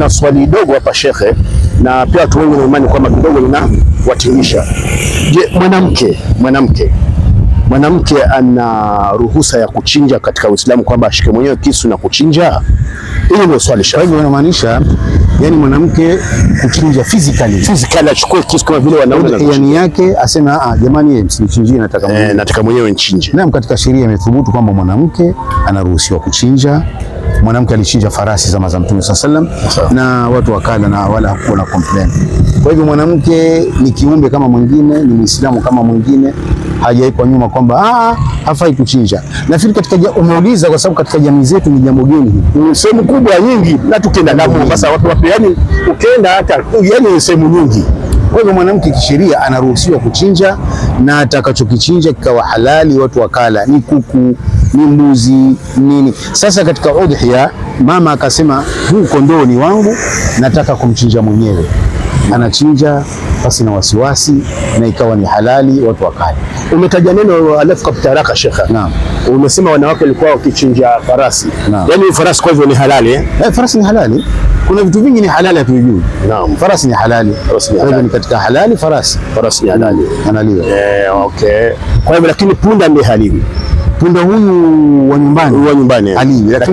na swali dogo hapa shekhe, na pia watu wengi wanaimani kwamba kidogo ninawatimisha. Je, mwanamke mwanamke mwanamke ana ruhusa ya kuchinja katika Uislamu, kwamba ashike mwenyewe kisu na kuchinja? Hilo ndio swali shekhe. Kwa hivyo inamaanisha yani mwanamke kuchinja physically, physically achukue kisu kama vile wanaume, yaani yani yake asema ah, jamani, yeye msinichinjie, nataka eh, mwenyewe, nataka mwenyewe nichinje. Naam, katika sheria imethubutu kwamba mwanamke anaruhusiwa kuchinja mwanamke alichinja farasi zama za Mtume sallam na watu wakala na wala hakuwa na complain. Kwa hivyo mwanamke ni kiumbe kama mwingine, ni Muislamu kama mwingine, hajaikwa nyuma kwamba ah, ah, hafai kuchinja. Nafikiri katika umeuliza kwa sababu katika jamii zetu ni jambo geni, sehemu kubwa nyingi, na tukienda napo sasa watu wapi, yani ukienda hata yani sehemu nyingi kwa hivyo mwanamke kisheria anaruhusiwa kuchinja na atakachokichinja kikawa halali, watu wakala, ni kuku ni mbuzi nini. Sasa katika udhiya, mama akasema huu kondoo ni wangu, nataka kumchinja mwenyewe. Anachinja basi na wasiwasi, na ikawa ni halali, watu wakali. Umetaja neno alafu kapitaraka shekha. Naam. Umesema wanawake walikuwa wakichinja farasi. Naam. Yaani farasi kwa hivyo ni halali eh? Eh, farasi ni halali. Kuna vitu vingi ni halali hatujui. Naam. Farasi ni halali. Kwa ni katika halali farasi. Farasi ni halali. Analiwa. Eh, okay. Kwa hivyo lakini punda ni halali punda huyu wa nyumbani wa nyumbani aliwa.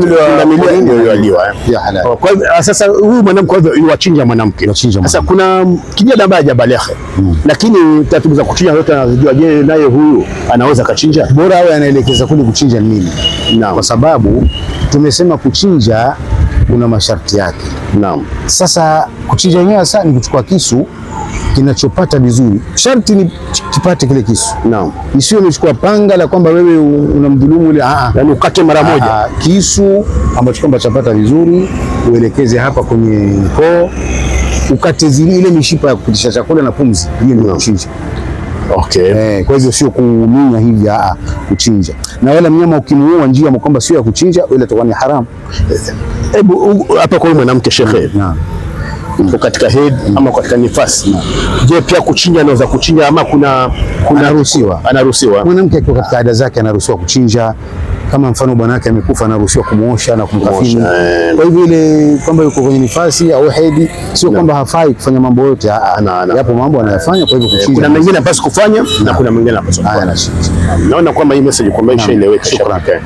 Eh? Oh, kwa hivyo sasa huyu mwanamke yuwachinja mwanamke. Sasa kuna kijana ambaye hajabaleka, hmm. lakini taratibu za kuchinja yote anazijua. Je, naye huyu anaweza kachinja? Bora awe anaelekeza kule kuchinja nini, kwa sababu tumesema kuchinja kuna masharti yake. Naam. Sasa kuchinja yenyewe sasa ni kuchukua kisu kinachopata vizuri, sharti ni usipate kile kisu. Naam. Isiwe umechukua panga la kwamba wewe unamdhulumu ile, ah, ah. yani ukate mara ah, moja. Ah, kisu ambacho kwamba chapata vizuri, uelekeze hapa kwenye koo, ukate zile ile mishipa ya kupitisha chakula na pumzi. Hiyo ndio kuchinja. Okay. Eh, kwa hivyo sio kuminya hivi, ah, kuchinja. Na wala mnyama ukimuua njia kwamba sio ya kuchinja, ile itakuwa ni haramu. Eh, eh, hebu hapa kwa mwanamke shekhe. Naam mm. katika head mm. ama katika nifasi Je, pia kuchinja anaweza kuchinja ama kuna, kuna anaruhusiwa? Anaruhusiwa. Mwanamke akiwa katika ada zake anaruhusiwa kuchinja kama mfano bwana wake amekufa anaruhusiwa kumuosha na kumkafini. Eh. Kwa hivyo ile kwamba yuko kwenye nifasi au hedhi, sio kwamba hafai kufanya mambo yote, yapo mambo anayafanya. Kwa hivyo kuchinja, kuna mengine anapaswa kufanya na kuna mengine anapaswa kufanya. Naona kwamba hii message kwamba ishaeleweka. Shukrani.